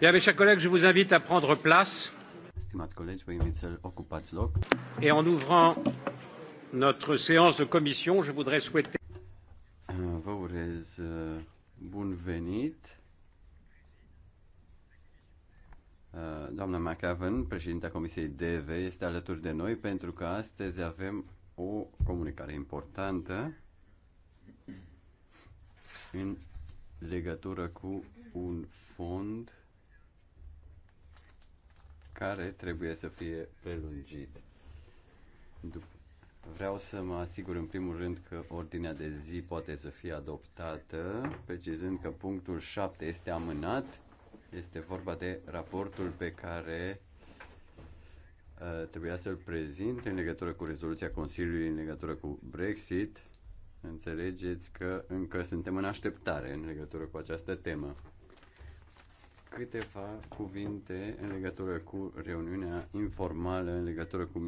Bien, mes chers collègues, je vous invite à prendre place. Stimați colegi, vă invit să ocupați loc. Et en ouvrant notre séance de commission, je voudrais souhaiter... Uh, vă urez uh, bun venit. Uh, doamna McAvan, președinta Comisiei DV, este alături de noi pentru că astăzi avem o comunicare importantă în legătură cu un fond care trebuie să fie prelungit. Vreau să mă asigur în primul rând că ordinea de zi poate să fie adoptată, precizând că punctul 7 este amânat. Este vorba de raportul pe care uh, trebuia să-l prezint în legătură cu rezoluția Consiliului în legătură cu Brexit. Înțelegeți că încă suntem în așteptare în legătură cu această temă câteva cuvinte în legătură cu reuniunea informală, în legătură cu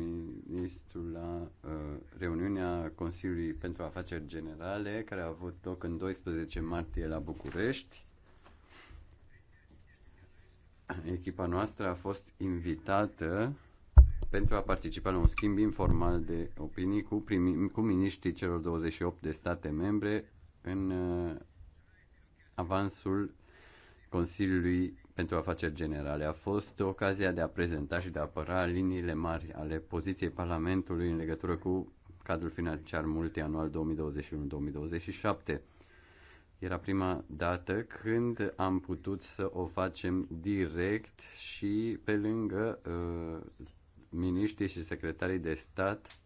ministrul la uh, reuniunea Consiliului pentru Afaceri Generale, care a avut loc în 12 martie la București. Echipa noastră a fost invitată pentru a participa la un schimb informal de opinii cu, primi, cu miniștrii celor 28 de state membre în uh, avansul Consiliului pentru Afaceri Generale a fost ocazia de a prezenta și de a apăra liniile mari ale poziției Parlamentului în legătură cu cadrul financiar multianual 2021-2027. Era prima dată când am putut să o facem direct și pe lângă uh, miniștrii și secretarii de stat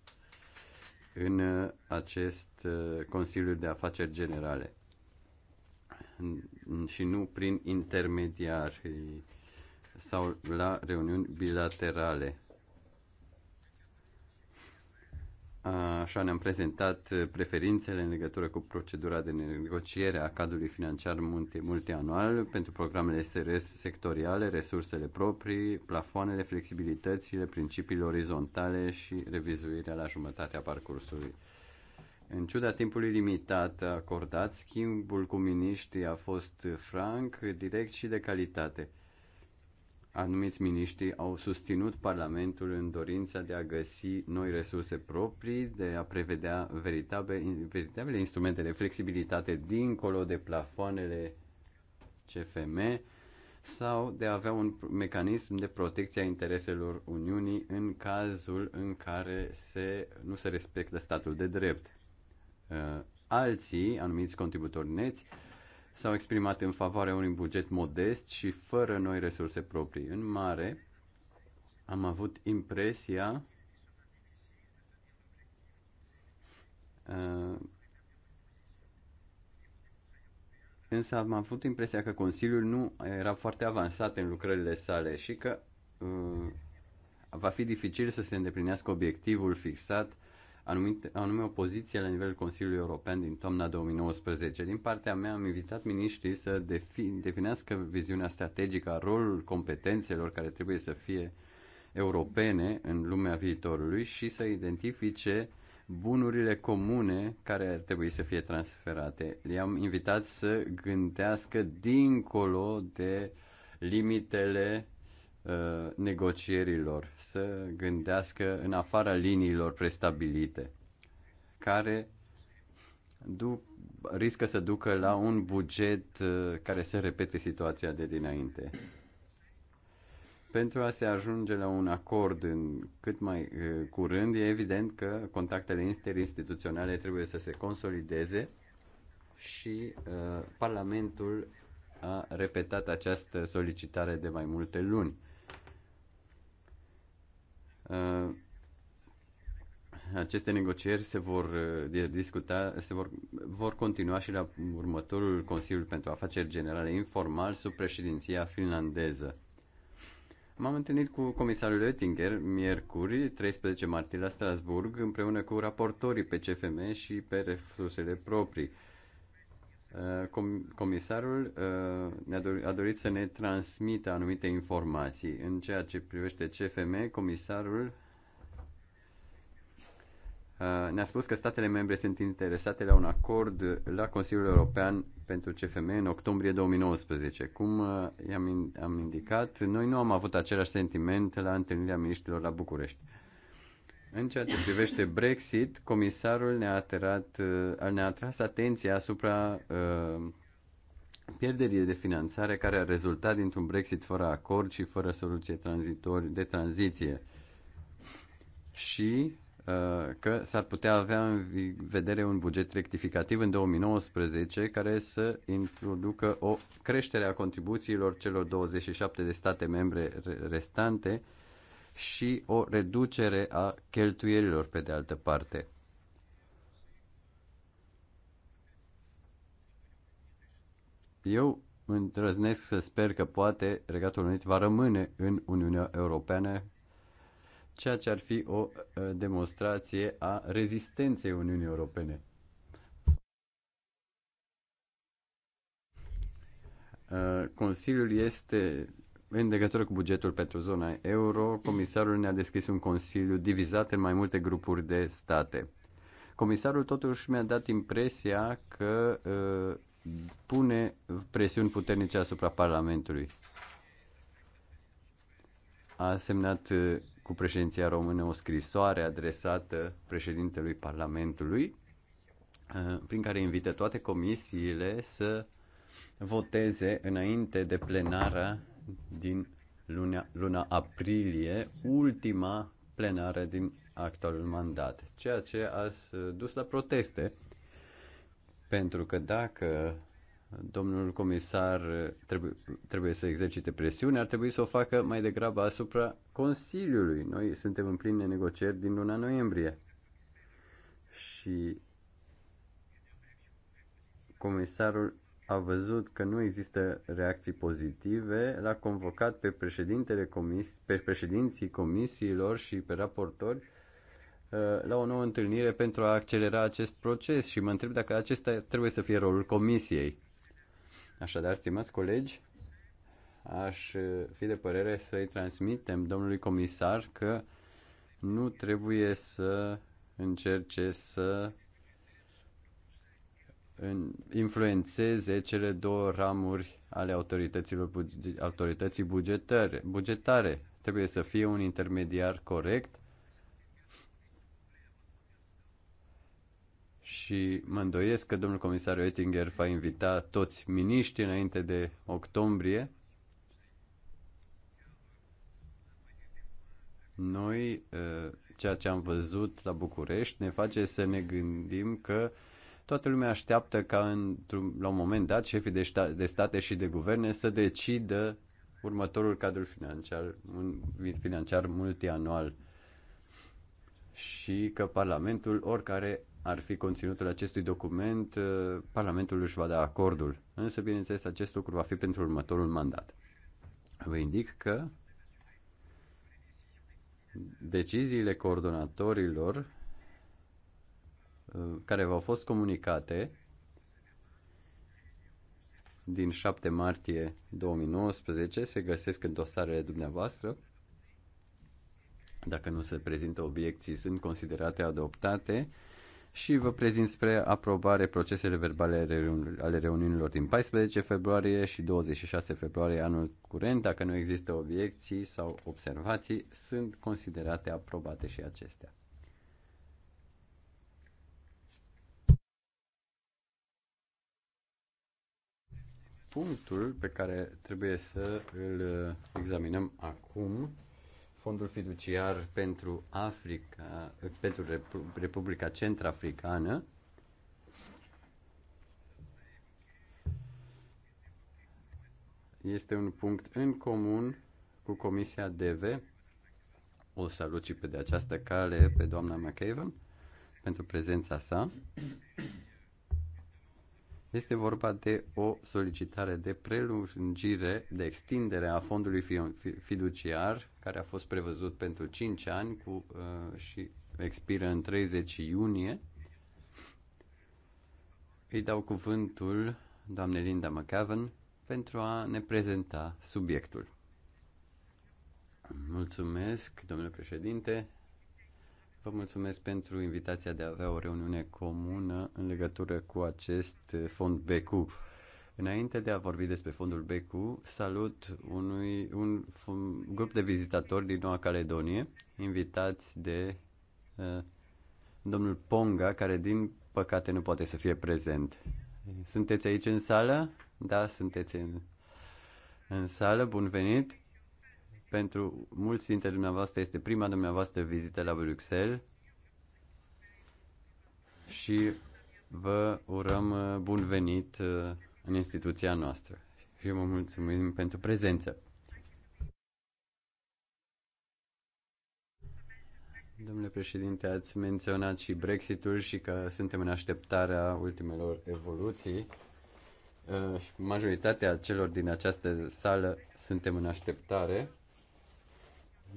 în uh, acest uh, Consiliu de Afaceri Generale și nu prin intermediari sau la reuniuni bilaterale. Așa ne-am prezentat preferințele în legătură cu procedura de negociere a cadrului financiar multianual pentru programele SRS sectoriale, resursele proprii, plafoanele, flexibilitățile, principiile orizontale și revizuirea la jumătatea parcursului. În ciuda timpului limitat acordat, schimbul cu miniștrii a fost franc, direct și de calitate. Anumiți miniștri au susținut Parlamentul în dorința de a găsi noi resurse proprii, de a prevedea veritabile, veritabile instrumente de flexibilitate dincolo de plafoanele CFM sau de a avea un mecanism de protecție a intereselor Uniunii în cazul în care se, nu se respectă statul de drept. Uh, alții, anumiți contributori neți, s-au exprimat în favoarea unui buget modest și fără noi resurse proprii. În mare, am avut impresia uh, însă am avut impresia că Consiliul nu era foarte avansat în lucrările sale și că uh, va fi dificil să se îndeplinească obiectivul fixat anumite, anume o poziție la nivelul Consiliului European din toamna 2019. Din partea mea am invitat miniștrii să defin, definească viziunea strategică a rolul competențelor care trebuie să fie europene în lumea viitorului și să identifice bunurile comune care ar trebui să fie transferate. le am invitat să gândească dincolo de limitele Uh, negocierilor, să gândească în afara liniilor prestabilite, care du- riscă să ducă la un buget uh, care să repete situația de dinainte. Pentru a se ajunge la un acord în cât mai uh, curând, e evident că contactele interinstituționale trebuie să se consolideze și uh, Parlamentul a repetat această solicitare de mai multe luni. Uh, aceste negocieri se vor uh, discuta, se vor, vor continua și la următorul Consiliu pentru Afaceri Generale informal sub președinția finlandeză. M-am întâlnit cu comisarul Oettinger miercuri, 13 martie la Strasburg, împreună cu raportorii pe CFM și pe resursele proprii. Uh, comisarul uh, a dorit să ne transmită anumite informații. În ceea ce privește CFM, comisarul uh, ne-a spus că statele membre sunt interesate la un acord la Consiliul European pentru CFM în octombrie 2019. Cum i-am am indicat, noi nu am avut același sentiment la întâlnirea ministrilor la București în ceea ce privește Brexit, comisarul ne-a, aterat, uh, ne-a atras atenția asupra uh, pierderii de finanțare care a rezultat dintr-un Brexit fără acord și fără soluție tranzitori de tranziție și uh, că s-ar putea avea în vedere un buget rectificativ în 2019 care să introducă o creștere a contribuțiilor celor 27 de state membre restante uh, și o reducere a cheltuielilor pe de altă parte. Eu îndrăznesc să sper că poate Regatul Unit va rămâne în Uniunea Europeană, ceea ce ar fi o uh, demonstrație a rezistenței Uniunii Europene. Uh, Consiliul este în legătură cu bugetul pentru zona euro, comisarul ne-a deschis un consiliu divizat în mai multe grupuri de state. Comisarul totuși mi-a dat impresia că uh, pune presiuni puternice asupra Parlamentului. A semnat uh, cu președinția română o scrisoare adresată președintelui Parlamentului, uh, prin care invită toate comisiile să voteze înainte de plenara din luna, luna aprilie, ultima plenară din actualul mandat, ceea ce a dus la proteste, pentru că dacă domnul comisar trebuie, trebuie să exercite presiune, ar trebui să o facă mai degrabă asupra Consiliului. Noi suntem în pline negocieri din luna noiembrie. Și comisarul a văzut că nu există reacții pozitive, l-a convocat pe președintele comis- pe președinții comisiilor și pe raportori uh, la o nouă întâlnire pentru a accelera acest proces și mă întreb dacă acesta trebuie să fie rolul comisiei. Așadar, stimați colegi, aș uh, fi de părere să-i transmitem domnului comisar că nu trebuie să încerce să influențeze cele două ramuri ale autorităților buge, autorității bugetare, bugetare. Trebuie să fie un intermediar corect și mă îndoiesc că domnul comisar Oettinger va invita toți miniștrii înainte de octombrie. Noi, ă, ceea ce am văzut la București, ne face să ne gândim că Toată lumea așteaptă ca într-un, la un moment dat șefii de, șta, de state și de guverne să decidă următorul cadru financiar, un financiar multianual și că Parlamentul, oricare ar fi conținutul acestui document, uh, Parlamentul își va da acordul. Însă, bineînțeles, acest lucru va fi pentru următorul mandat. Vă indic că deciziile coordonatorilor Uh, care v-au fost comunicate din 7 martie 2019 se găsesc în dosarele dumneavoastră. Dacă nu se prezintă obiecții, sunt considerate adoptate și vă prezint spre aprobare procesele verbale ale reuniunilor din 14 februarie și 26 februarie anul curent. Dacă nu există obiecții sau observații, sunt considerate aprobate și acestea. punctul pe care trebuie să îl uh, examinăm acum, Fondul fiduciar pentru Africa, pentru Republica Centrafricană, este un punct în comun cu Comisia DV. O salut și pe de această cale pe doamna McAven pentru prezența sa. Este vorba de o solicitare de prelungire, de extindere a fondului fiduciar, care a fost prevăzut pentru 5 ani cu, uh, și expiră în 30 iunie. Îi dau cuvântul doamnei Linda McAvan pentru a ne prezenta subiectul. Mulțumesc, domnule președinte, Vă mulțumesc pentru invitația de a avea o reuniune comună în legătură cu acest eh, fond BQ. Înainte de a vorbi despre fondul BQ, salut unui, un, un grup de vizitatori din Noua Caledonie, invitați de uh, domnul Ponga, care din păcate nu poate să fie prezent. Sunteți aici în sală? Da, sunteți în, în sală, bun venit. Pentru mulți dintre dumneavoastră este prima dumneavoastră vizită la Bruxelles și vă urăm uh, bun venit uh, în instituția noastră și vă mulțumim pentru prezență. Domnule președinte, ați menționat și Brexitul și că suntem în așteptarea ultimelor evoluții. Uh, majoritatea celor din această sală suntem în așteptare.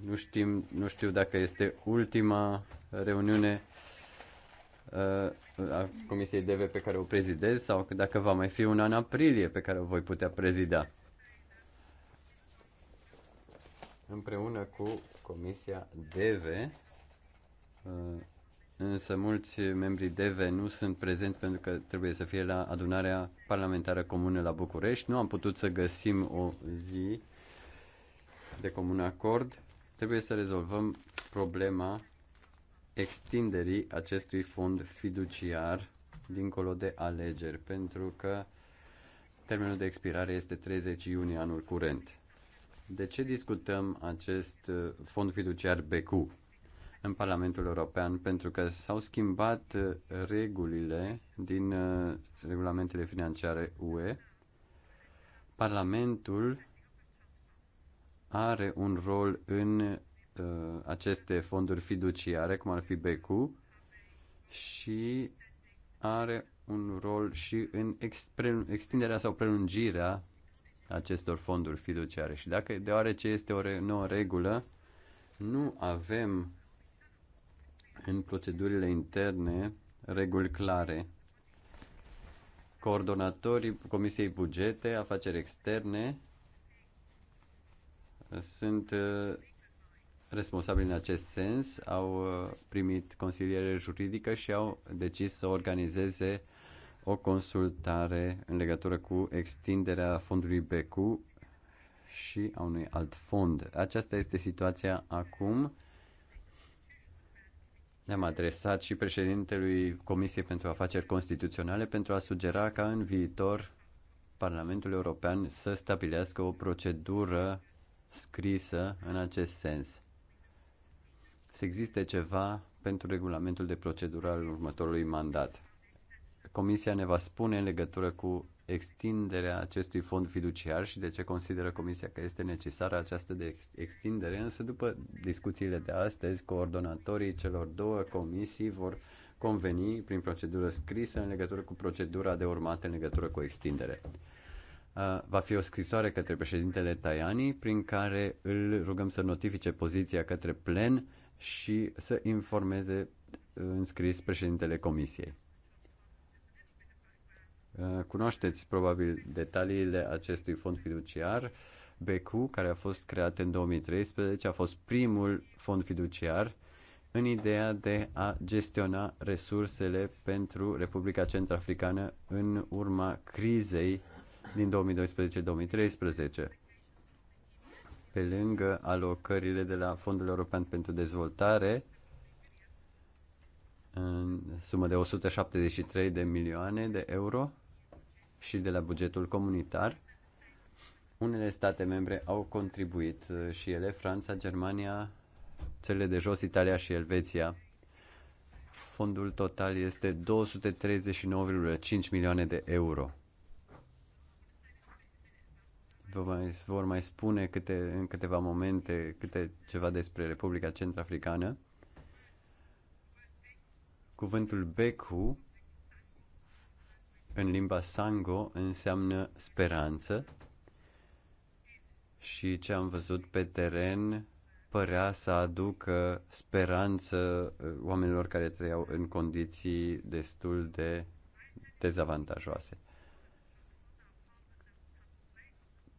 Nu, știm, nu știu dacă este ultima reuniune uh, a Comisiei DV pe care o prezidez sau dacă va mai fi una în aprilie pe care o voi putea prezida. Împreună cu Comisia DV, uh, însă mulți membrii DV nu sunt prezenți pentru că trebuie să fie la adunarea parlamentară comună la București. Nu am putut să găsim o zi de comun acord Trebuie să rezolvăm problema extinderii acestui fond fiduciar dincolo de alegeri, pentru că termenul de expirare este 30 iunie anul curent. De ce discutăm acest uh, fond fiduciar BQ în Parlamentul European? Pentru că s-au schimbat uh, regulile din uh, regulamentele financiare UE. Parlamentul are un rol în uh, aceste fonduri fiduciare, cum ar fi BQ, și are un rol și în extinderea sau prelungirea acestor fonduri fiduciare. Și dacă, deoarece este o re, nouă regulă, nu avem în procedurile interne reguli clare. Coordonatorii Comisiei Bugete, Afaceri Externe sunt uh, responsabili în acest sens, au uh, primit consiliere juridică și au decis să organizeze o consultare în legătură cu extinderea fondului BQ și a unui alt fond. Aceasta este situația acum. Ne-am adresat și președintelui Comisiei pentru Afaceri Constituționale pentru a sugera ca în viitor Parlamentul European să stabilească o procedură scrisă în acest sens. Să existe ceva pentru regulamentul de procedură al următorului mandat. Comisia ne va spune în legătură cu extinderea acestui fond fiduciar și de ce consideră Comisia că este necesară această de extindere, însă după discuțiile de astăzi, coordonatorii celor două comisii vor conveni prin procedură scrisă în legătură cu procedura de urmat în legătură cu extindere va fi o scrisoare către președintele Tajani prin care îl rugăm să notifice poziția către plen și să informeze în scris președintele Comisiei. Cunoașteți probabil detaliile acestui fond fiduciar. BQ, care a fost creat în 2013, a fost primul fond fiduciar în ideea de a gestiona resursele pentru Republica Centrafricană în urma crizei din 2012-2013. Pe lângă alocările de la Fondul European pentru Dezvoltare, în sumă de 173 de milioane de euro și de la bugetul comunitar, unele state membre au contribuit uh, și ele, Franța, Germania, țările de jos, Italia și Elveția. Fondul total este 239,5 milioane de euro vă mai, vor mai spune câte, în câteva momente câte ceva despre Republica Centrafricană. Cuvântul Beku în limba Sango înseamnă speranță și ce am văzut pe teren părea să aducă speranță uh, oamenilor care trăiau în condiții destul de dezavantajoase.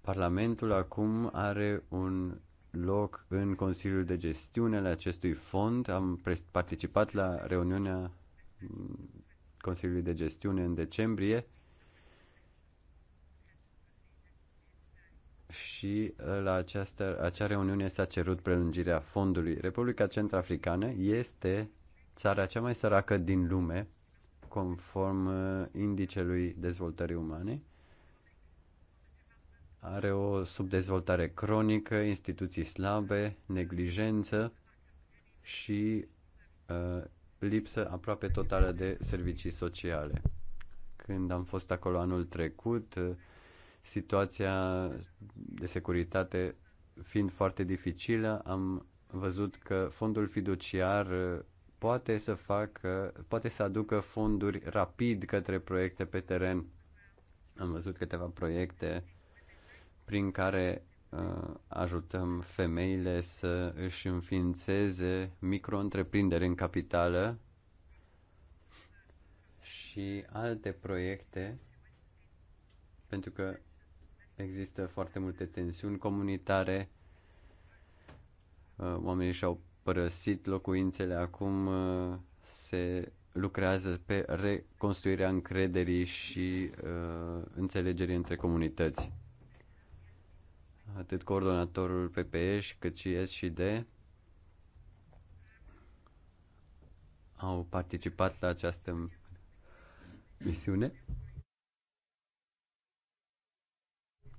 Parlamentul acum are un loc în Consiliul de Gestiune al acestui fond. Am participat la reuniunea Consiliului de Gestiune în decembrie și ă, la această, acea reuniune s-a cerut prelungirea fondului. Republica Centrafricană este țara cea mai săracă din lume, conform ă, indicelui dezvoltării umane are o subdezvoltare cronică, instituții slabe, neglijență și uh, lipsă aproape totală de servicii sociale. Când am fost acolo anul trecut, uh, situația de securitate fiind foarte dificilă, am văzut că fondul fiduciar uh, poate să facă, poate să aducă fonduri rapid către proiecte pe teren. Am văzut câteva proiecte prin care uh, ajutăm femeile să își înființeze micro-întreprinderi în capitală și alte proiecte, pentru că există foarte multe tensiuni comunitare. Uh, oamenii și-au părăsit locuințele, acum uh, se lucrează pe reconstruirea încrederii și uh, înțelegerii între comunități atât coordonatorul PPE cât și S și D au participat la această misiune.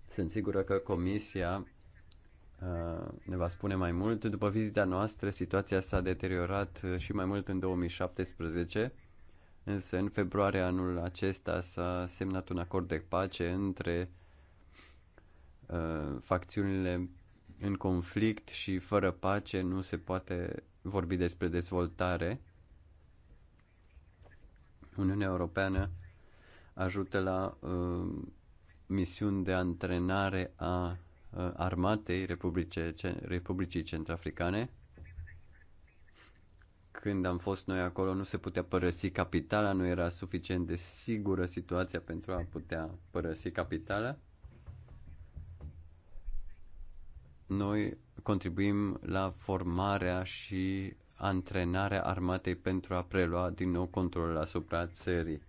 Sunt sigură că comisia uh, ne va spune mai mult. După vizita noastră, situația s-a deteriorat uh, și mai mult în 2017, însă în februarie anul acesta s-a semnat un acord de pace între Uh, facțiunile în conflict și fără pace nu se poate vorbi despre dezvoltare. Uniunea Europeană ajută la uh, misiuni de antrenare a uh, armatei Republice, Republicii Centrafricane. Când am fost noi acolo, nu se putea părăsi capitala, nu era suficient de sigură situația pentru a putea părăsi capitala noi contribuim la formarea și antrenarea armatei pentru a prelua din nou controlul asupra țării.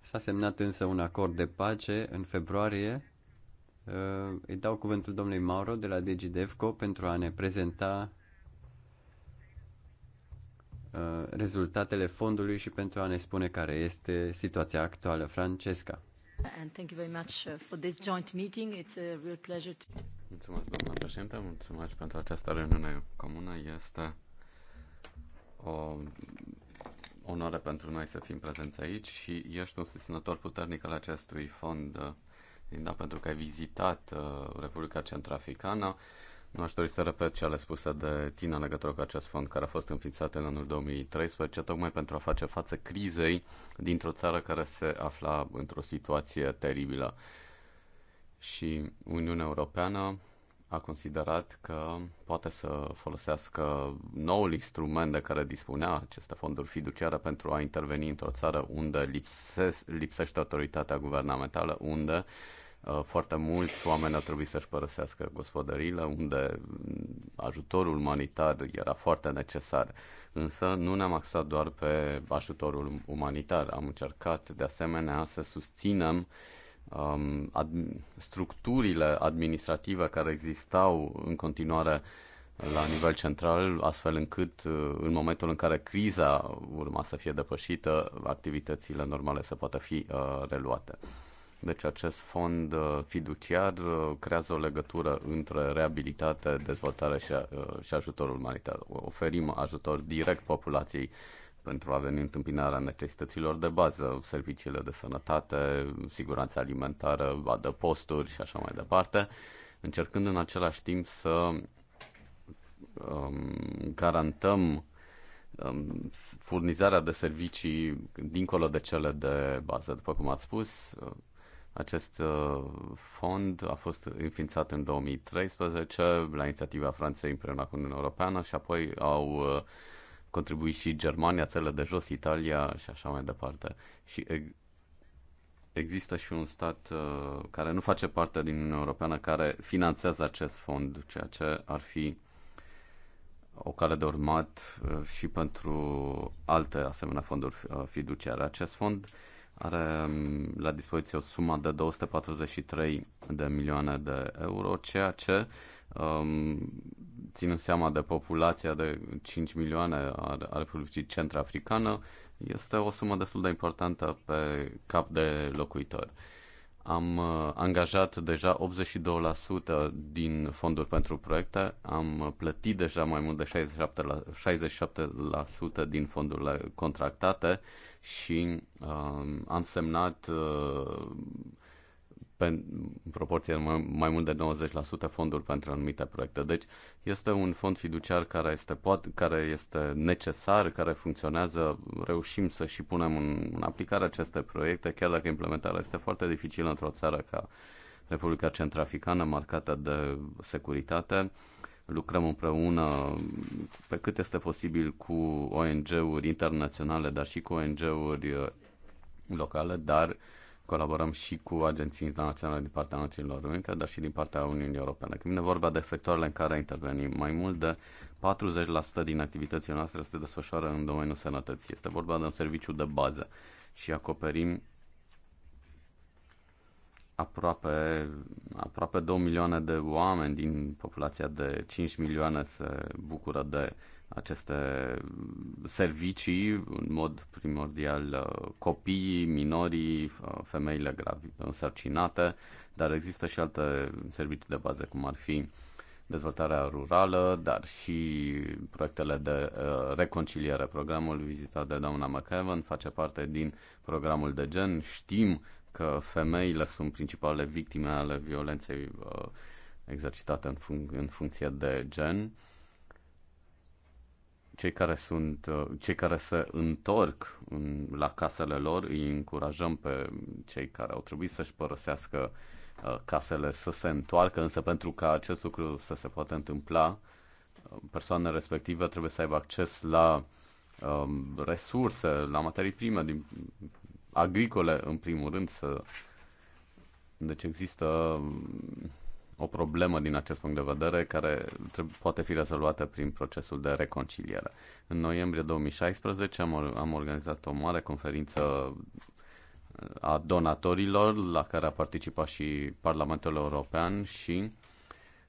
S-a semnat însă un acord de pace în februarie. Uh, îi dau cuvântul domnului Mauro de la DGDEFCO, pentru a ne prezenta uh, rezultatele fondului și pentru a ne spune care este situația actuală. Francesca. And thank you very much uh, for this joint meeting. It's a real pleasure to... Mulțumesc, doamna președinte, mulțumesc pentru această reuniune comună. Este o onoare pentru noi să fim prezenți aici și ești un susținător puternic al acestui fond, da, pentru că ai vizitat uh, Republica Centrafricană. Nu aș dori să repet cele spuse de tine în legătură cu acest fond care a fost înființat în anul 2013, tocmai pentru a face față crizei dintr-o țară care se afla într-o situație teribilă și Uniunea Europeană a considerat că poate să folosească noul instrument de care dispunea aceste fonduri fiduciare pentru a interveni într-o țară unde lipses, lipsește autoritatea guvernamentală, unde uh, foarte mulți oameni au trebuit să-și părăsească gospodăriile, unde mm, ajutorul umanitar era foarte necesar. Însă nu ne-am axat doar pe ajutorul um-, umanitar, am încercat de asemenea să susținem uh, um, ad- structurile administrative care existau în continuare la nivel central, astfel încât uh, în momentul în care criza urma să fie depășită, activitățile normale să poată fi uh, reluate. Deci acest fond uh, fiduciar uh, creează o legătură între reabilitate, dezvoltare și, și ajutorul umanitar. Oferim ajutor direct populației pentru a veni întâmpinarea necesităților de bază, serviciile de sănătate, siguranța alimentară, adăposturi și așa mai departe, încercând în același timp să um, garantăm um, furnizarea de servicii dincolo de cele de bază. După cum ați spus, acest uh, fond a fost înființat în 2013 la inițiativa Franței împreună cu Uniunea Europeană și apoi au uh, contribui și Germania, țările de jos, Italia și așa mai departe. Și există și un stat uh, care nu face parte din Uniunea Europeană care finanțează acest fond, ceea ce ar fi o cale de urmat uh, și pentru alte asemenea fonduri uh, fiduciare. Acest fond are um, la dispoziție o sumă de 243 de milioane de euro, ceea ce um, ținând seama de populația de 5 milioane a Republicii Centrafricană, este o sumă destul de importantă pe cap de locuitor. Am uh, angajat deja 82% din fonduri pentru proiecte, am plătit deja mai mult de 67%, 67% din fondurile contractate și uh, am semnat uh, în proporție mai, mai mult de 90% fonduri pentru anumite proiecte. Deci este un fond fiduciar care este, poate, care este necesar, care funcționează, reușim să și punem în, în aplicare aceste proiecte, chiar dacă implementarea este foarte dificilă într-o țară ca Republica Centrafricană, marcată de securitate. Lucrăm împreună pe cât este posibil cu ONG-uri internaționale, dar și cu ONG-uri eh, locale, dar uh, colaborăm și cu agenții internaționale din partea Națiunilor Unite, dar și din partea Uniunii Europene. Când vine vorba de sectoarele în care intervenim, mai mult de 40% din activitățile noastre se desfășoară în domeniul sănătății. Este vorba de un serviciu de bază și acoperim aproape, aproape 2 milioane de oameni din populația de 5 milioane se bucură de aceste servicii, în mod primordial uh, copiii, minorii, uh, femeile gravi, uh, însărcinate, dar există și alte servicii de bază, cum ar fi dezvoltarea rurală, dar și proiectele de reconciliere. Programul vizitat de doamna McEwan face parte din programul de gen. Știm că femeile sunt principalele victime ale violenței exercitate în, func- în funcție de gen. Uh, cei care, sunt, uh, cei care se întorc în, la casele lor, îi încurajăm pe cei care au trebuit să-și părăsească uh, casele să se întoarcă, însă pentru ca acest lucru să se poată întâmpla, uh, persoanele respective trebuie să aibă acces la um, resurse, la materii prime, din, agricole în primul rând. Să... Deci există um, o problemă din acest punct de vedere care poate fi rezolvată prin procesul de reconciliere. În noiembrie 2016 am, am organizat o mare conferință uh, a donatorilor la care a participat și Parlamentul European și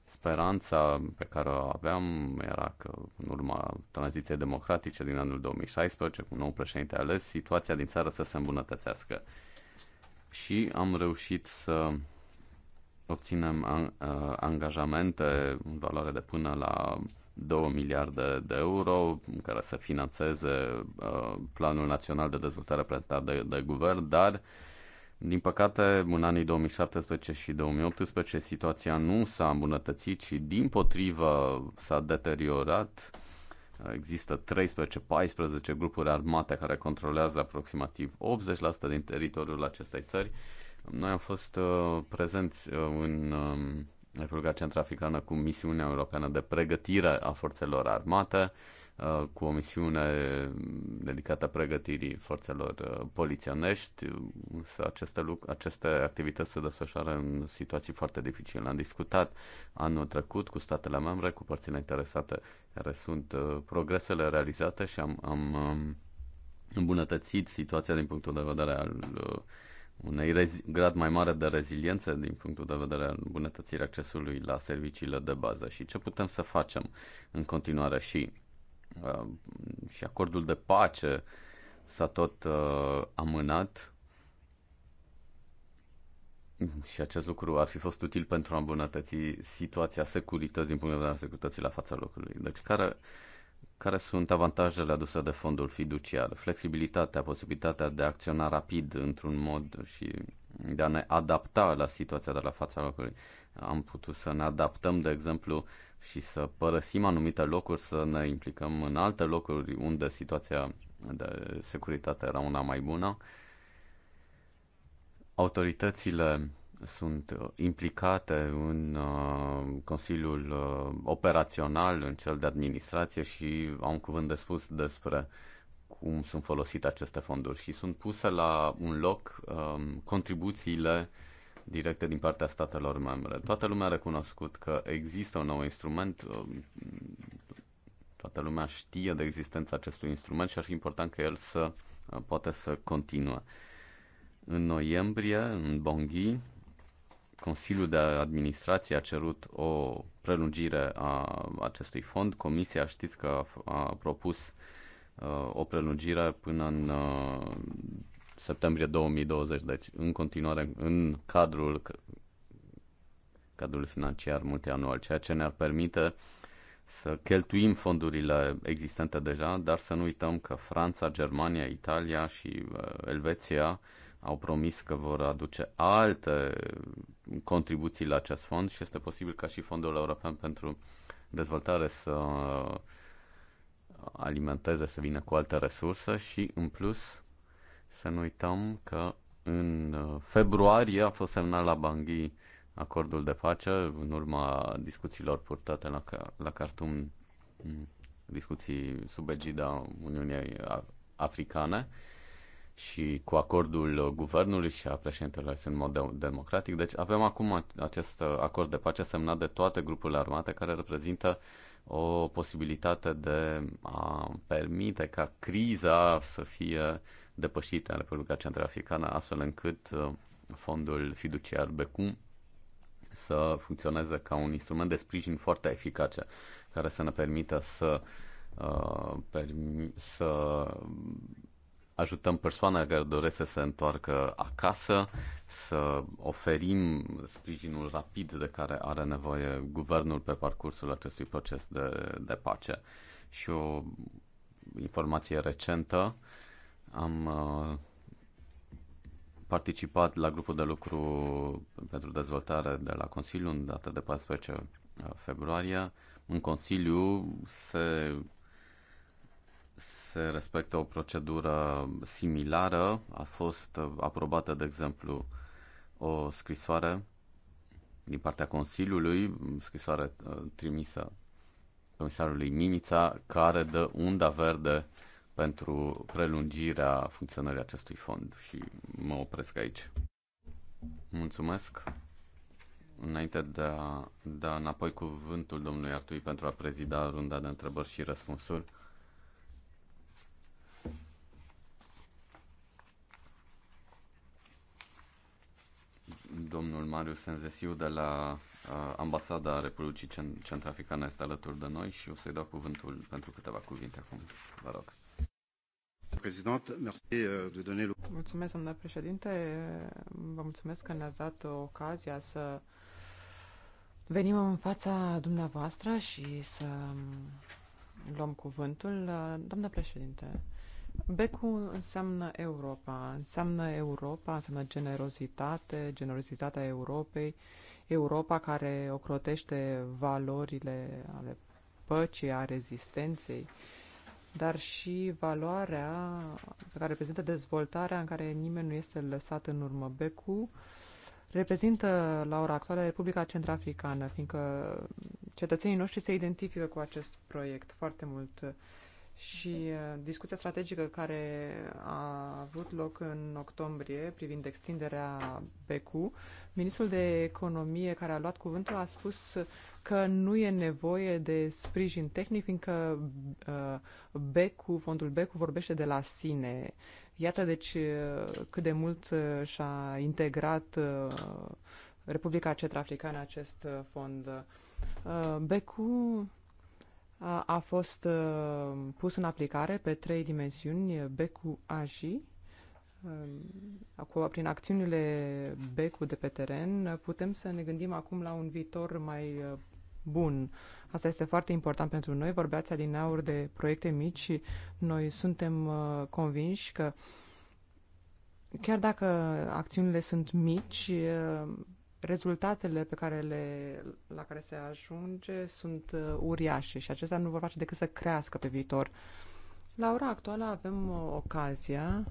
speranța pe care o aveam era că în urma tranziției democratice din anul 2016, cu nou președinte ales, situația din țară să se îmbunătățească. Și am reușit să obținem angajamente în valoare de până la 2 miliarde de euro care să financeze Planul Național de Dezvoltare prezentat de, de guvern, dar din păcate, în anii 2017 și 2018 situația nu s-a îmbunătățit, ci din potrivă s-a deteriorat. Există 13-14 grupuri armate care controlează aproximativ 80% din teritoriul acestei țări noi am fost uh, prezenți uh, în um, Republica Centrafricană cu misiunea europeană de pregătire a forțelor armate, uh, cu o misiune dedicată pregătirii forțelor poliționești, însă aceste, luc- aceste activități se desfășoară în situații foarte dificile. Am discutat anul trecut cu statele membre, cu părțile interesate care sunt progresele realizate și am, am um, îmbunătățit situația din punctul de vedere al unei grad mai mare de reziliență din punctul de vedere al îmbunătățirii accesului la serviciile de bază și ce putem să facem în continuare și, uh, și acordul de pace s-a tot uh, amânat și acest lucru ar fi fost util pentru a îmbunătăți situația securității din punct de vedere al securității la fața locului. Deci care care sunt avantajele aduse de fondul fiduciar? Flexibilitatea, posibilitatea de a acționa rapid într-un mod și de a ne adapta la situația de la fața locului. Am putut să ne adaptăm, de exemplu, și să părăsim anumite locuri, să ne implicăm în alte locuri unde situația de securitate era una mai bună. Autoritățile sunt uh, implicate în uh, Consiliul uh, Operațional, în cel de administrație și au un cuvânt de spus despre cum sunt folosite aceste fonduri și sunt puse la un loc um, contribuțiile directe din partea statelor membre. Toată lumea a recunoscut că există un nou instrument, um, toată lumea știe de existența acestui instrument și ar fi important că el să poate să continue. În noiembrie, în Bonghi, Consiliul de Administrație a cerut o prelungire a acestui fond. Comisia știți că a, a propus uh, o prelungire până în uh, septembrie 2020, deci în continuare în cadrul cadrul financiar multianual, ceea ce ne-ar permite să cheltuim fondurile existente deja, dar să nu uităm că Franța, Germania, Italia și uh, Elveția uh, au promis că vor aduce alte contribuții la acest fond și este posibil ca și Fondul European pentru Dezvoltare să alimenteze, să vină cu alte resurse și, în plus, să nu uităm că în februarie a fost semnat la Bangui acordul de pace, în urma discuțiilor purtate la, la Khartoum, discuții sub egida Uniunii Africane. Uh, și cu acordul guvernului și a președintelui în mod democratic. Deci avem acum acest acord de pace semnat de toate grupurile armate care reprezintă o posibilitate de a permite ca criza să fie depășită în Republica Centrafricană, astfel încât uh, fondul fiduciar Becum să funcționeze ca un instrument de sprijin foarte eficace, care să ne permită să, uh, permi- să ajutăm persoanele care doresc să se întoarcă acasă, să oferim sprijinul rapid de care are nevoie guvernul pe parcursul acestui proces de, de pace. Și o informație recentă, am uh, participat la grupul de lucru pentru dezvoltare de la Consiliu în data de 14 uh, februarie. În Consiliu se se respectă o procedură similară. A fost aprobată, de exemplu, o scrisoare din partea Consiliului, scrisoare uh, trimisă comisarului Mimița, care dă unda verde pentru prelungirea funcționării acestui fond și mă opresc aici. Mulțumesc. Înainte de a da înapoi cuvântul domnului Artui pentru a prezida runda de întrebări și răspunsuri, Marius Senzesiu de la uh, Ambasada Republicii Centrafricane este alături de noi și o să-i dau cuvântul pentru câteva cuvinte acum. Vă rog. Uh, mulțumesc, domnule președinte. Vă mulțumesc că ne-ați dat ocazia să venim în fața dumneavoastră și să um, luăm cuvântul. Doamna președinte, Becu înseamnă Europa, înseamnă Europa, înseamnă generozitate, generozitatea Europei, Europa care ocrotește valorile ale păcii, a rezistenței, dar și valoarea care reprezintă dezvoltarea în care nimeni nu este lăsat în urmă. Becu reprezintă la ora actuală Republica Centrafricană, fiindcă cetățenii noștri se identifică cu acest proiect foarte mult și uh, discuția strategică care a avut loc în octombrie privind extinderea BQ, ministrul de economie care a luat cuvântul a spus că nu e nevoie de sprijin tehnic, fiindcă uh, BQ, fondul BQ vorbește de la sine. Iată deci uh, cât de mult și-a integrat Republica Centrafricană acest fond. BQ a fost uh, pus în aplicare pe trei dimensiuni, becul AJ, Acum, uh, prin acțiunile becul de pe teren, putem să ne gândim acum la un viitor mai uh, bun. Asta este foarte important pentru noi. Vorbeați aur de proiecte mici și noi suntem convinși că chiar dacă acțiunile sunt mici, rezultatele pe care le, la care se ajunge sunt uh, uriașe și acestea nu vor face decât să crească pe viitor. La ora actuală avem uh, ocazia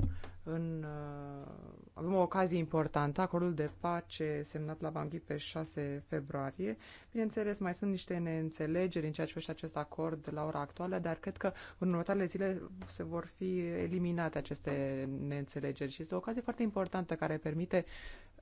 în, uh, avem o ocazie importantă, acordul de pace semnat la Bangui pe 6 februarie. Bineînțeles, mai sunt niște neînțelegeri în ceea ce privește acest acord la ora actuală, dar cred că în următoarele zile se vor fi eliminate aceste neînțelegeri și este o ocazie foarte importantă care permite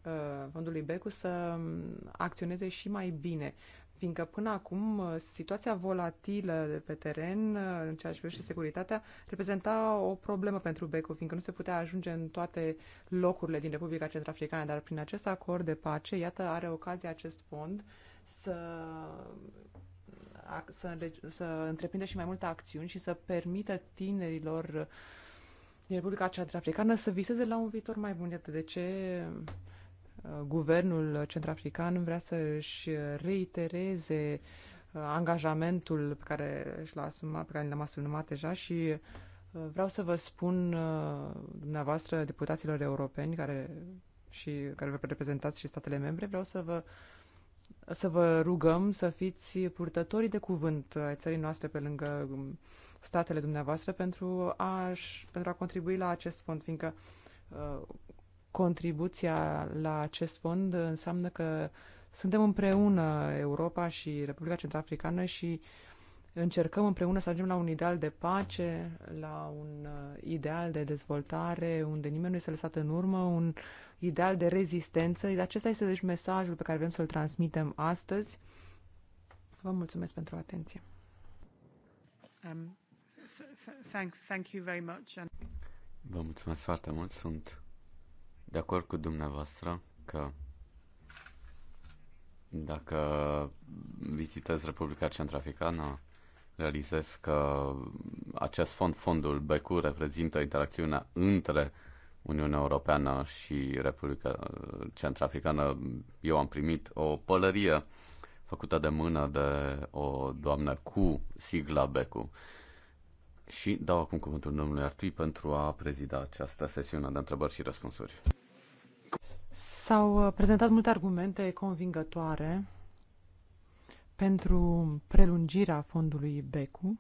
Uh, fondului Becu să um, acționeze și mai bine fiindcă până acum uh, situația volatilă de pe teren, uh, în ceea ce privește securitatea, reprezenta o problemă pentru Becu, fiindcă nu se putea ajunge în toate locurile din Republica Centrafricană, dar prin acest acord de pace, iată, are ocazia acest fond să să, să întreprindă și mai multe acțiuni și să permită tinerilor din Republica Centrafricană să viseze la un viitor mai bun. Iată de ce Uh, guvernul centrafrican vrea să își reitereze uh, angajamentul pe care și l-a asumat, pe care l-am asumat deja și uh, vreau să vă spun dumneavoastră, deputaților europeni care, și, care vă reprezentați și statele membre, vreau să vă să vă rugăm să fiți purtătorii de cuvânt ai țării noastre pe lângă um, statele dumneavoastră pentru a, pentru a contribui la acest fond, fiindcă contribuția la acest fond înseamnă că suntem împreună Europa și Republica Centrafricană și încercăm împreună să ajungem la un ideal de pace, la un uh, ideal de dezvoltare, unde nimeni nu este lăsat în urmă, un ideal de rezistență. Deci acesta este deci mesajul pe care vrem să-l transmitem astăzi. Vă mulțumesc pentru atenție. Um, thank, thank you very much. Vă mulțumesc foarte mult. Sunt de acord cu dumneavoastră că dacă vizitez Republica Centrafricană, realizez că acest fond, fondul BECU, reprezintă interacțiunea între Uniunea Europeană și Republica Centrafricană. Eu am primit o pălărie făcută de mână de o doamnă cu sigla BECU. Și dau acum cuvântul domnului Artui pentru a prezida această sesiune de întrebări și răspunsuri. S-au uh, prezentat multe argumente convingătoare pentru prelungirea fondului BECU.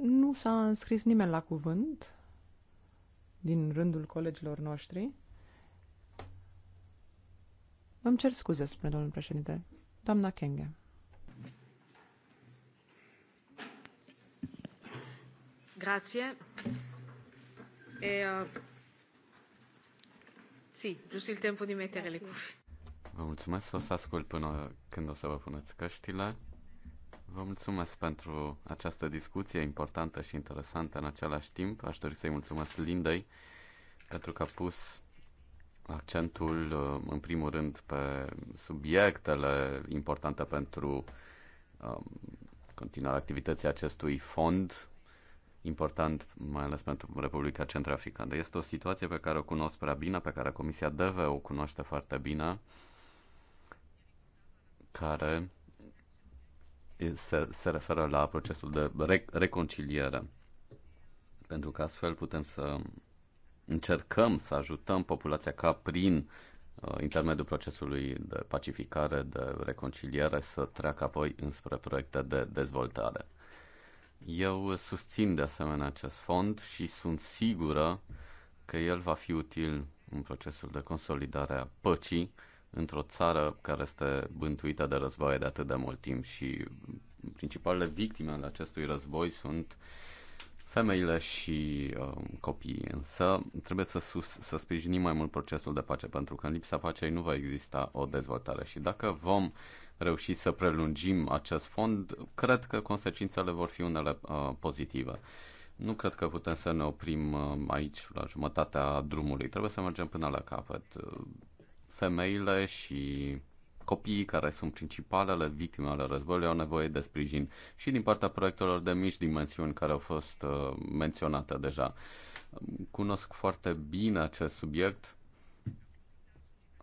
Nu s-a înscris nimeni la cuvânt din rândul colegilor noștri. Îmi cer scuze, spune domnul președinte. Doamna Kenge. Grazie. E, uh... Si, giusto il tempo di mettere le cuffie. Vă mulțumesc, o să ascult până când o să vă puneți căștile. Vă mulțumesc pentru această discuție importantă și interesantă în același timp. Aș dori să-i mulțumesc Lindei pentru că a pus accentul, uh, în primul rând, pe subiectele importante pentru um, continuarea activității acestui fond important, mai ales pentru Republica Centrafricană. Este o situație pe care o cunosc prea bine, pe care Comisia DV o cunoaște foarte bine, care se, se referă la procesul de rec- reconciliere. Pentru că astfel putem să încercăm să ajutăm populația ca prin uh, intermediul procesului de pacificare, de reconciliere, să treacă apoi înspre proiecte de dezvoltare. Eu susțin de asemenea acest fond și sunt sigură că el va fi util în procesul de consolidare a păcii într-o țară care este bântuită de războaie de atât de mult timp și principalele victime ale acestui război sunt femeile și uh, copiii. Însă trebuie să, sus, să sprijinim mai mult procesul de pace, pentru că în lipsa pacei nu va exista o dezvoltare și dacă vom uh, reuși să prelungim acest fond, cred că consecințele vor fi unele uh, pozitive. Nu cred că putem să ne oprim uh, aici, la jumătatea drumului. Trebuie să mergem până la capăt. Femeile și copiii care sunt principalele victime ale războiului au nevoie de sprijin și din partea proiectelor de mici dimensiuni care au fost uh, menționate deja. Cunosc foarte bine acest subiect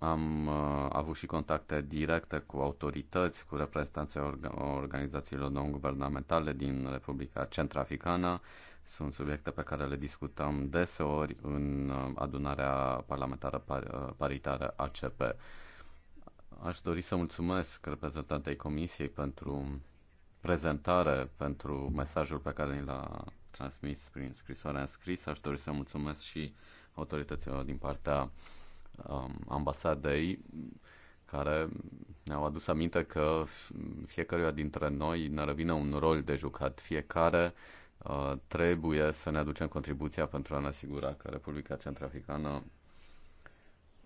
am uh, avut și contacte directe cu autorități, cu reprezentanții orga- organizațiilor non-guvernamentale din Republica Centrafricană. Sunt subiecte pe care le discutăm deseori în uh, adunarea parlamentară par- uh, paritară ACP. Aș dori să mulțumesc reprezentantei Comisiei pentru prezentare, pentru mesajul pe care ni l-a transmis prin scrisoarea înscrisă. Aș dori să mulțumesc și autorităților din partea um, ambasadei care ne-au adus aminte că fiecare dintre noi ne revine un rol de jucat. Fiecare uh, trebuie să ne aducem contribuția pentru a ne asigura că Republica Centrafricană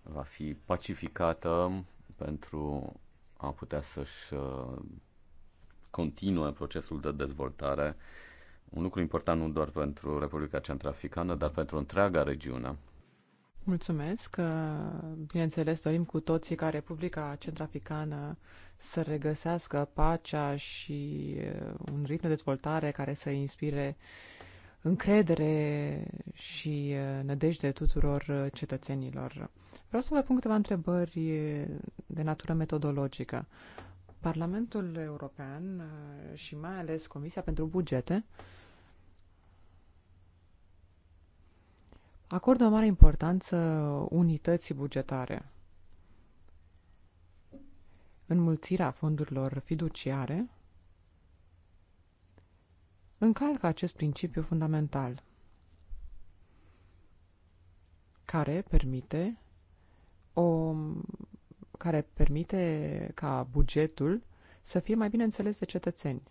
va fi pacificată pentru a putea să-și uh, continue procesul de dezvoltare. Un lucru important nu doar pentru Republica Centrafricană, dar pentru întreaga regiune. Mulțumesc. Bineînțeles, dorim cu toții ca Republica Centrafricană să regăsească pacea și uh, un ritm de dezvoltare care să inspire încredere și uh, nădejde tuturor uh, cetățenilor. Vreau să vă pun câteva întrebări de natură metodologică. Parlamentul European și mai ales Comisia pentru Bugete acordă o mare importanță unității bugetare. Înmulțirea fondurilor fiduciare încalcă acest principiu fundamental, care permite o care permite ca bugetul să fie mai bine înțeles de cetățeni.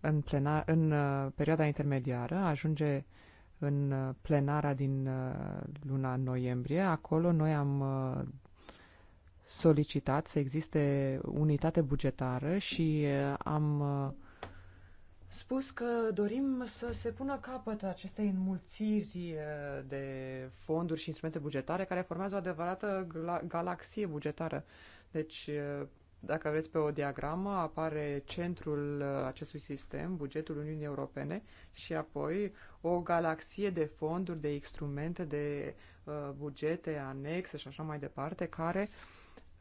în, plena, în uh, perioada intermediară, ajunge în uh, plenara din uh, luna noiembrie. Acolo noi am solicitat să existe unitate bugetară și am spus că dorim să se pună capăt acestei înmulțiri de fonduri și instrumente bugetare care formează o adevărată galaxie bugetară. Deci dacă vreți pe o diagramă, apare centrul uh, acestui sistem, bugetul Uniunii Europene și apoi o galaxie de fonduri, de instrumente, de uh, bugete, anexe și așa mai departe, care,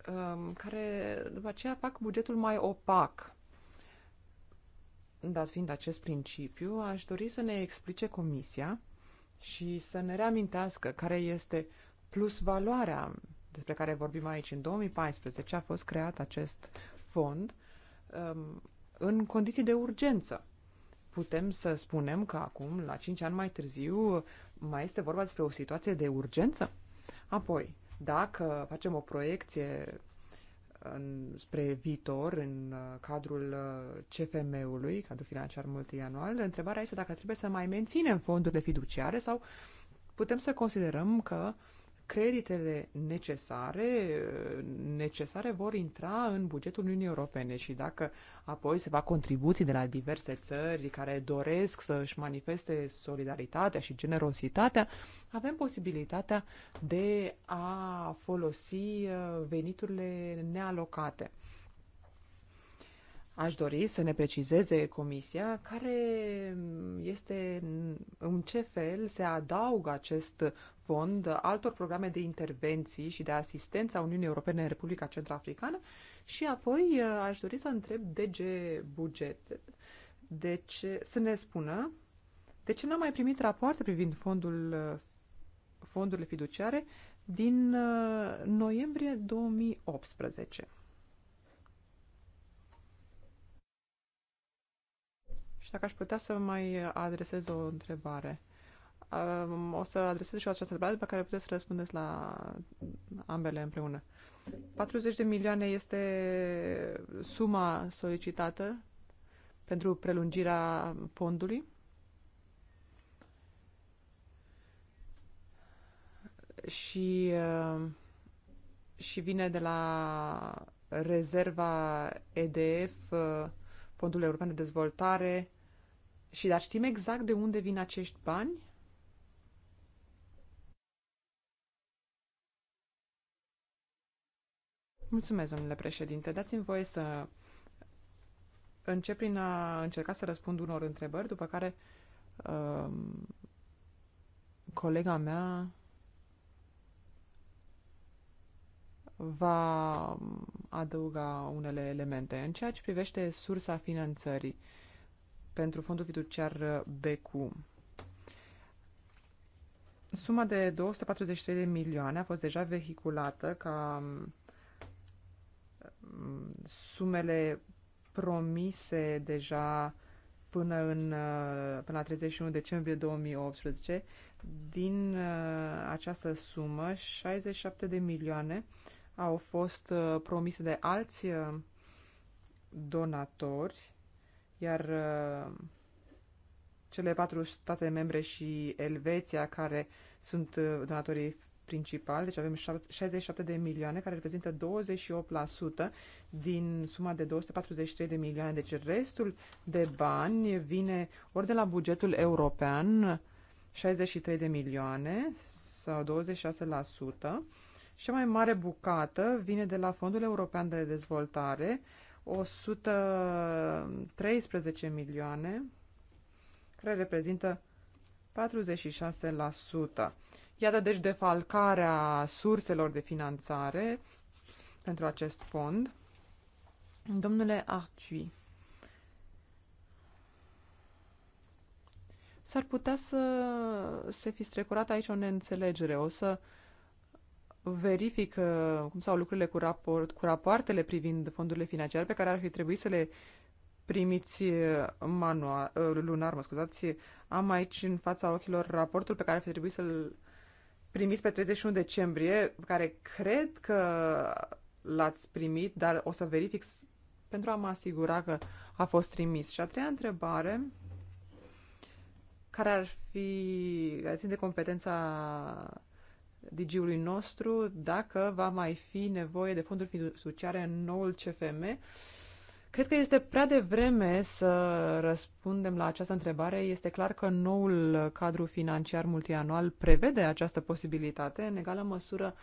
um, care după aceea fac bugetul mai opac. Dat fiind acest principiu, aș dori să ne explice Comisia și să ne reamintească care este plus valoarea despre care vorbim aici. În 2014 a fost creat acest fond um, în condiții de urgență. Putem să spunem că acum, la 5 ani mai târziu, mai este vorba despre o situație de urgență? Apoi, dacă facem o proiecție în, spre viitor, în uh, cadrul uh, CFM-ului, cadrul financiar multianual, întrebarea este dacă trebuie să mai menținem fondurile fiduciare sau putem să considerăm că uh, creditele necesare, necesare vor intra în bugetul Uniunii Europene și dacă apoi se fac contribuții de la diverse țări care doresc să-și manifeste solidaritatea și generositatea, avem posibilitatea de a folosi uh, veniturile nealocate. Aș dori să ne precizeze Comisia care este, în ce fel se adaugă acest fond altor programe de intervenții și de asistență a Uniunii Europene în Republica Centrafricană și apoi uh, aș dori să întreb DG Buget de ce, să ne spună de ce n-am mai primit rapoarte privind fondul, uh, fondurile fiduciare din uh, noiembrie 2018. Și dacă aș putea să mai adresez o întrebare o să adresez și o această întrebare pe care puteți să răspundeți la ambele împreună. 40 de milioane este suma solicitată pentru prelungirea fondului. Și, și vine de la rezerva EDF, Fondul European de Dezvoltare, și dar știm exact de unde vin acești bani? Mulțumesc, domnule președinte. Dați-mi voie să încep prin a încerca să răspund unor întrebări, după care um, colega mea va adăuga unele elemente. În ceea ce privește sursa finanțării pentru fondul fiduciar BQ, suma de 243 de milioane a fost deja vehiculată ca sumele promise deja până, în, uh, până la 31 decembrie 2018. Din uh, această sumă, 67 de milioane au fost uh, promise de alți donatori, iar cele patru state membre și Elveția, care sunt donatorii principal, deci avem 67 de milioane, care reprezintă 28% din suma de 243 de milioane. Deci restul de bani vine ori de la bugetul european, 63 de milioane sau 26%, cea mai mare bucată vine de la Fondul European de Dezvoltare, 113 milioane, care reprezintă 46%. Iată deci defalcarea surselor de finanțare pentru acest fond. Domnule Arthui, s-ar putea să se fi strecurat aici o neînțelegere. O să verific uh, cum au lucrurile cu, raport, cu rapoartele privind fondurile financiare pe care ar fi trebuit să le primiți uh, manual, uh, lunar, mă scuzați. Am aici în fața ochilor raportul pe care ar fi trebuit să-l primiți pe 31 decembrie, care cred că l-ați primit, dar o să verific pentru a mă asigura că a fost trimis. Și a treia întrebare, care ar fi, care țin de competența DG-ului nostru, dacă va mai fi nevoie de fonduri fiduciare în noul CFM, uh, Cred că este prea devreme să răspundem la această întrebare. Este clar că noul cadru financiar multianual prevede această posibilitate. În egală măsură,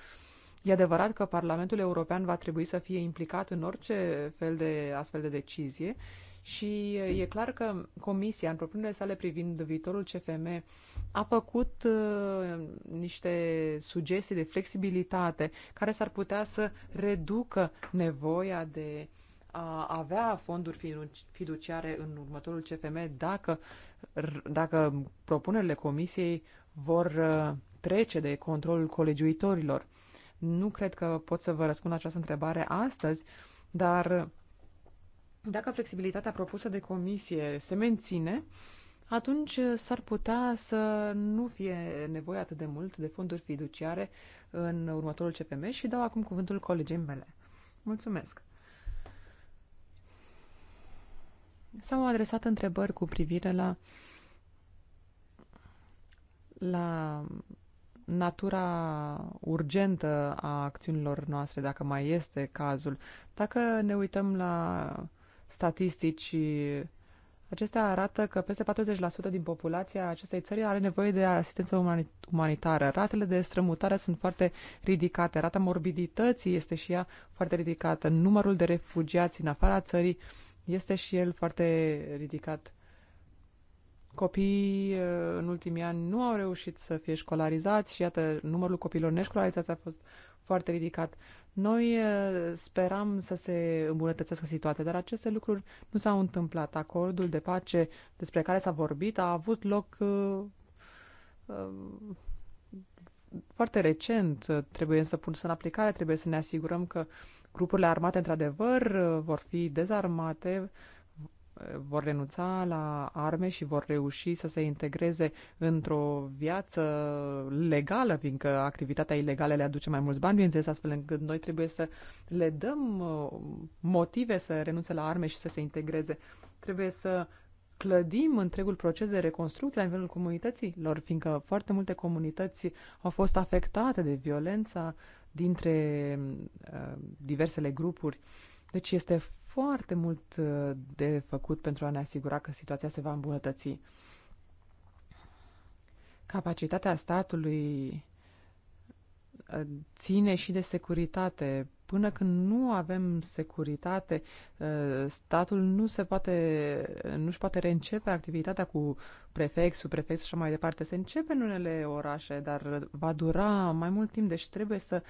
e adevărat că Parlamentul European va trebui să fie implicat în orice fel de astfel de decizie și e clar că Comisia, în propunerile sale privind viitorul CFM, a făcut uh, niște sugestii de flexibilitate care s-ar putea să reducă nevoia de uh, a avea fonduri fiduciare în următorul CFM dacă, dacă propunerile comisiei vor uh, trece de controlul colegiuitorilor. Nu cred că pot să vă răspund această întrebare astăzi, dar uh, dacă flexibilitatea propusă de comisie se menține, atunci uh, s-ar putea să nu fie nevoie atât de mult de fonduri fiduciare în următorul CPM și dau acum cuvântul colegii mele. Mulțumesc! S-au adresat întrebări cu privire la la natura urgentă a acțiunilor noastre, dacă mai este cazul. Dacă ne uităm la statistici, acestea arată că peste 40% din populația acestei țări are nevoie de asistență umanitară. Ratele de strămutare sunt foarte ridicate, rata morbidității este și ea foarte ridicată, numărul de refugiați în afara țării uh, este și el foarte ridicat. Copiii uh, în ultimii ani nu au reușit să fie școlarizați și iată, numărul copiilor neșcolarizați a fost foarte ridicat. Noi uh, speram să se îmbunătățească situația, dar aceste lucruri nu s-au întâmplat. Acordul de pace despre care s-a vorbit a avut loc uh, uh, foarte recent. Trebuie să pun în aplicare, trebuie să ne asigurăm că grupurile armate, într-adevăr, vor fi dezarmate, vor renunța la arme și vor reuși să se integreze într-o viață legală, fiindcă activitatea ilegală le aduce mai mulți bani, bineînțeles, astfel încât noi trebuie să le dăm uh, motive să renunțe la arme și să se integreze. Trebuie să clădim întregul proces de reconstrucție la nivelul comunităților, fiindcă foarte multe comunități au fost afectate de violența dintre uh, diversele grupuri. Deci este foarte mult uh, de făcut pentru a ne asigura că situația se va îmbunătăți. Capacitatea statului uh, ține și de securitate Până când nu avem securitate, ă, statul nu se poate, nu își poate reîncepe activitatea cu prefect, prefect și așa mai departe. Se începe în unele orașe, dar va dura mai mult timp, deci trebuie să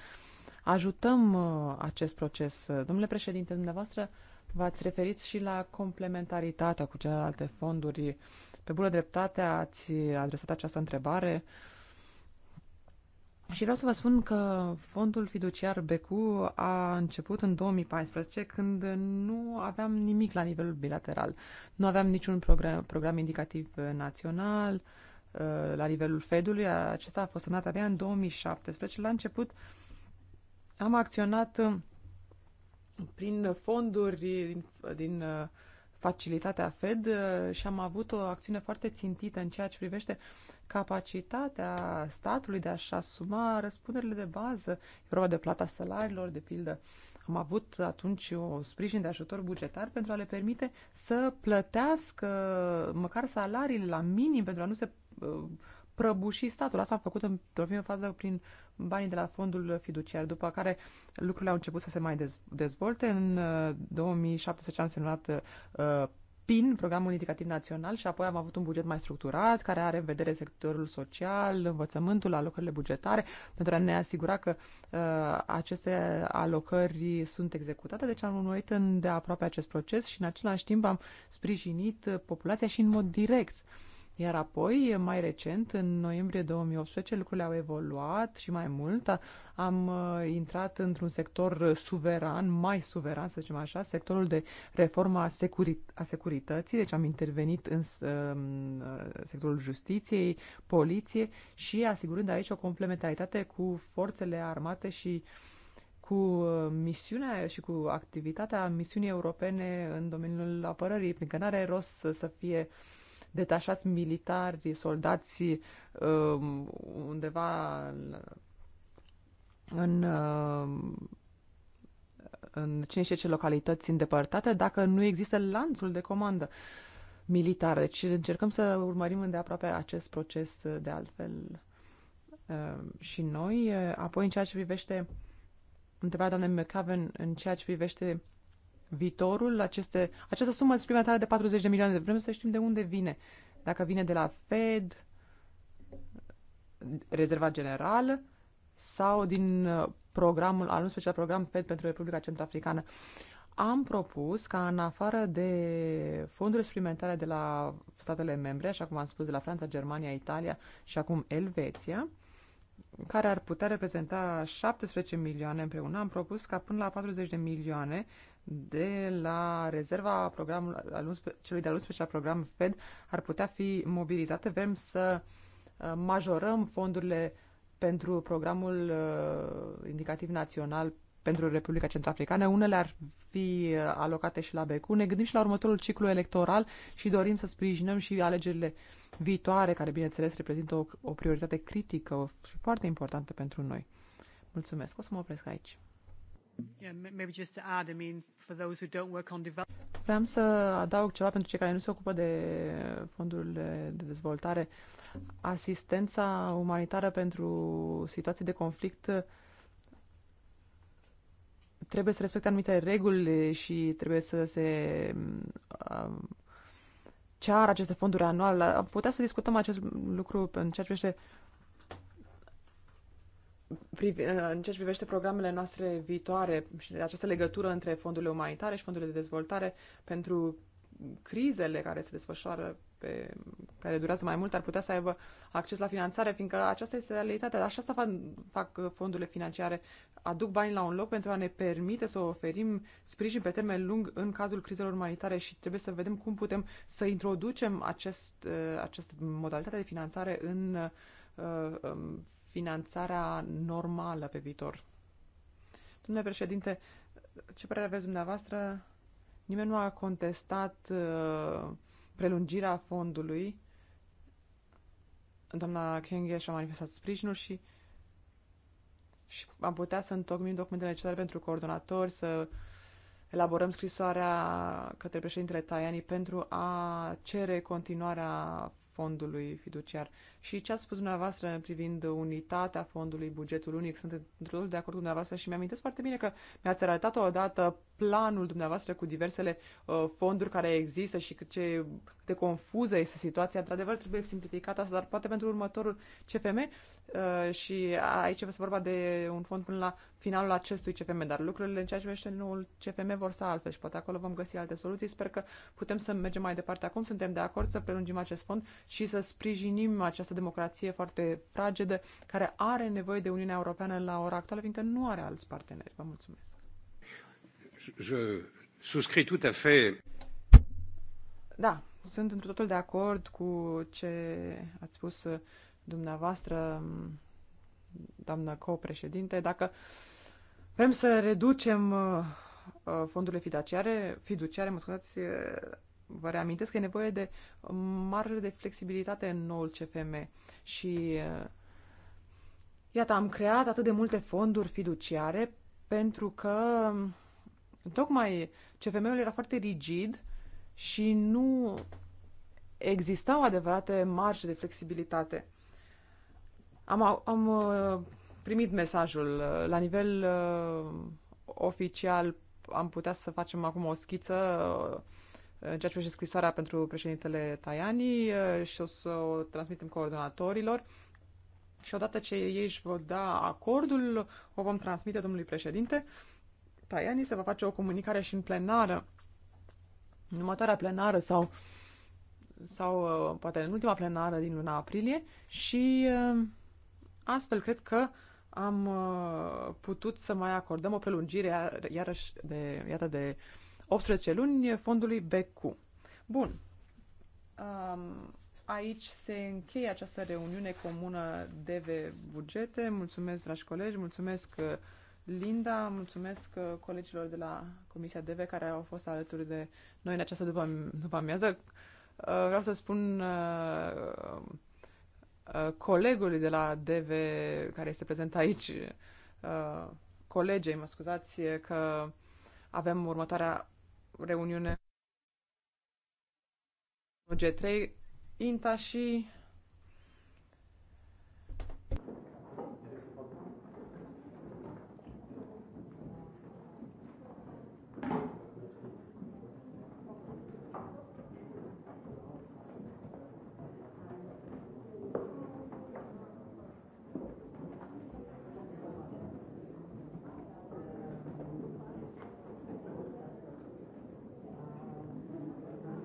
ajutăm ă, acest proces. Domnule președinte, dumneavoastră v-ați referit și la complementaritatea cu celelalte fonduri. Pe bună dreptate ați adresat această întrebare. Uh, și vreau să vă spun că fondul fiduciar BECU a început în 2014, când nu aveam nimic la nivelul bilateral. Nu aveam niciun program, program indicativ național uh, la nivelul Fedului. Acesta a fost semnat abia în 2017. La început am acționat uh, prin fonduri din, din uh, facilitatea Fed uh, și am avut o acțiune foarte țintită în ceea ce privește capacitatea statului de a-și asuma răspunderile de bază. E vorba de plata salariilor, de pildă. Am avut atunci o sprijin de ajutor bugetar pentru a le permite să plătească măcar salariile la minim pentru a nu se uh, prăbuși statul. Asta am făcut în primă fază prin banii de la fondul fiduciar, după care lucrurile au început să se mai dez- dezvolte. În 2017 uh, am semnat uh, PIN, Programul Indicativ Național, și apoi am avut un buget mai structurat, care are în vedere sectorul social, învățământul, alocările bugetare, pentru a ne asigura că uh, aceste alocări sunt executate. Deci am urmărit de aproape acest proces și în același timp am sprijinit populația și în mod direct uh, iar apoi, mai recent, în noiembrie 2018, lucrurile au evoluat și mai mult. Am uh, intrat într-un sector suveran, mai suveran, să zicem așa, sectorul de reformă a, a securității, deci am intervenit în um, uh, sectorul justiției, poliție și asigurând aici o complementaritate cu forțele armate și cu uh, misiunea și cu activitatea misiunii europene în domeniul apărării, pentru că n-are rost să, să fie uh, detașați militari, soldați um, undeva în, um, în cine știe ce localități îndepărtate, dacă nu există lanțul de comandă militară. Deci încercăm să urmărim îndeaproape acest proces de altfel um, și noi. Apoi, în ceea ce privește întrebarea doamnei McCaven, în ceea ce privește viitorul, aceste, această sumă suplimentară de 40 de milioane de vrem să știm de unde vine. Dacă vine de la Fed, rezerva generală sau din uh, programul, anul special program Fed pentru Republica Centrafricană. Am propus ca în afară de fonduri suplimentare de la statele membre, așa cum am spus, de la Franța, Germania, Italia și acum Elveția, care ar putea reprezenta 17 milioane împreună, am propus ca până la 40 de milioane de la rezerva programul, celui de-al 11-lea program FED ar putea fi mobilizate. Vrem să uh, majorăm fondurile pentru programul uh, indicativ național pentru Republica Centroafricană. Unele ar fi uh, alocate și la BECU. Ne gândim și la următorul ciclu electoral și dorim să sprijinăm și alegerile viitoare, care, bineînțeles, reprezintă o, o prioritate critică și foarte importantă pentru noi. Mulțumesc. O să mă opresc aici. Vreau să adaug ceva pentru cei care nu se ocupă de fondurile de dezvoltare. Asistența umanitară pentru situații de conflict trebuie să respecte anumite reguli și trebuie să se um, ceară aceste fonduri anual. Am putea să discutăm acest lucru în ceea ce privește uh, în ceea ce privește programele noastre viitoare și această legătură între fondurile umanitare și fondurile de dezvoltare pentru crizele care se desfășoară pe care durează mai mult ar putea să aibă acces la finanțare, fiindcă aceasta este realitatea. Așa asta fac, fac fondurile financiare, aduc bani la un loc pentru a ne permite să oferim sprijin pe termen lung în cazul crizelor umanitare și trebuie să vedem cum putem să introducem acest, uh, această modalitate de finanțare în uh, um, finanțarea normală pe viitor. Domnule președinte, ce părere aveți dumneavoastră? Nimeni nu a contestat uh, prelungirea fondului. Doamna Kenge și-a manifestat sprijinul și, și am putea să întocmim documentele necesare pentru coordonatori, să elaborăm scrisoarea către președintele Tajani pentru a cere continuarea fondului fiduciar. Și ce ați spus dumneavoastră privind unitatea fondului, bugetul unic, sunt într de acord cu dumneavoastră și mi-amintesc foarte bine că mi-ați arătat odată planul dumneavoastră cu diversele uh, fonduri care există și cât, ce, de confuză este situația. Într-adevăr, trebuie simplificată asta, dar poate pentru următorul CFM uh, și aici este vorba de un fond până la finalul acestui CFM, dar lucrurile în ceea ce vește noul CFM vor să altfel și poate acolo vom găsi alte soluții. Sper că putem să mergem mai departe acum. Suntem de acord să prelungim acest fond și să sprijinim această democrație foarte fragedă care are nevoie de Uniunea Europeană la ora actuală, fiindcă nu are alți parteneri. Vă mulțumesc! je souscris tout à fait. Da, sunt într totul de acord cu ce ați spus uh, dumneavoastră, um, doamnă copreședinte. Dacă vrem să reducem uh, uh, fondurile fiduciare, fiduciare, mă scuzați, vă reamintesc că e nevoie de marjă de flexibilitate în noul CFM și iată, am creat atât de multe fonduri fiduciare pentru că um, Tocmai CFM-ul era foarte rigid și nu existau adevărate marge de flexibilitate. Am, am uh, primit mesajul. La nivel uh, oficial am putea să facem acum o schiță uh, în ceea ce privește scrisoarea pentru președintele Tajani și o să o transmitem coordonatorilor. Și odată ce ei își vor da acordul, o vom transmite domnului președinte. Tajani se va face o comunicare și în plenară, în următoarea plenară sau, sau uh, poate în ultima plenară din luna aprilie și uh, astfel cred că am uh, putut să mai acordăm o prelungire iarăși de, iată, de 18 luni fondului BQ. Bun. Um, aici se încheie această reuniune comună de Bugete. Mulțumesc, dragi colegi, mulțumesc Linda, mulțumesc uh, colegilor de la Comisia DV care au fost alături de noi în această după, amiază. Uh, vreau să spun uh, colegului de la DV care este prezent aici, colegei, mă scuzați, că avem următoarea reuniune G3, INTA și